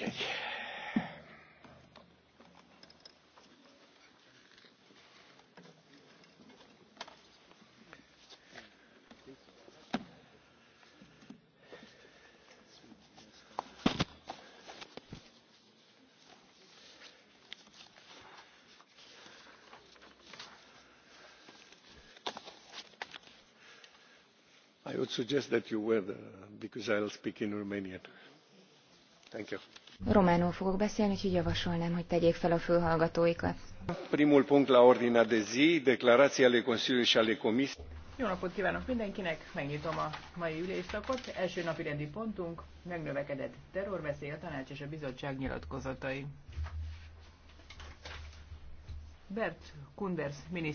egy. i would suggest that you wear the, uh, because i will speak in romanian. Thank you. Románul fogok beszélni, úgyhogy javasolnám, hogy tegyék fel a fülhallgatóikat. Primul punct la ordinea de zi, declarații ale Consiliului și ale Comisiei. Jó napot kívánok mindenkinek, megnyitom a mai ülésszakot. Első napi rendi pontunk, megnövekedett terrorveszély a tanács és a bizottság nyilatkozatai. Bert Kunders miniszter.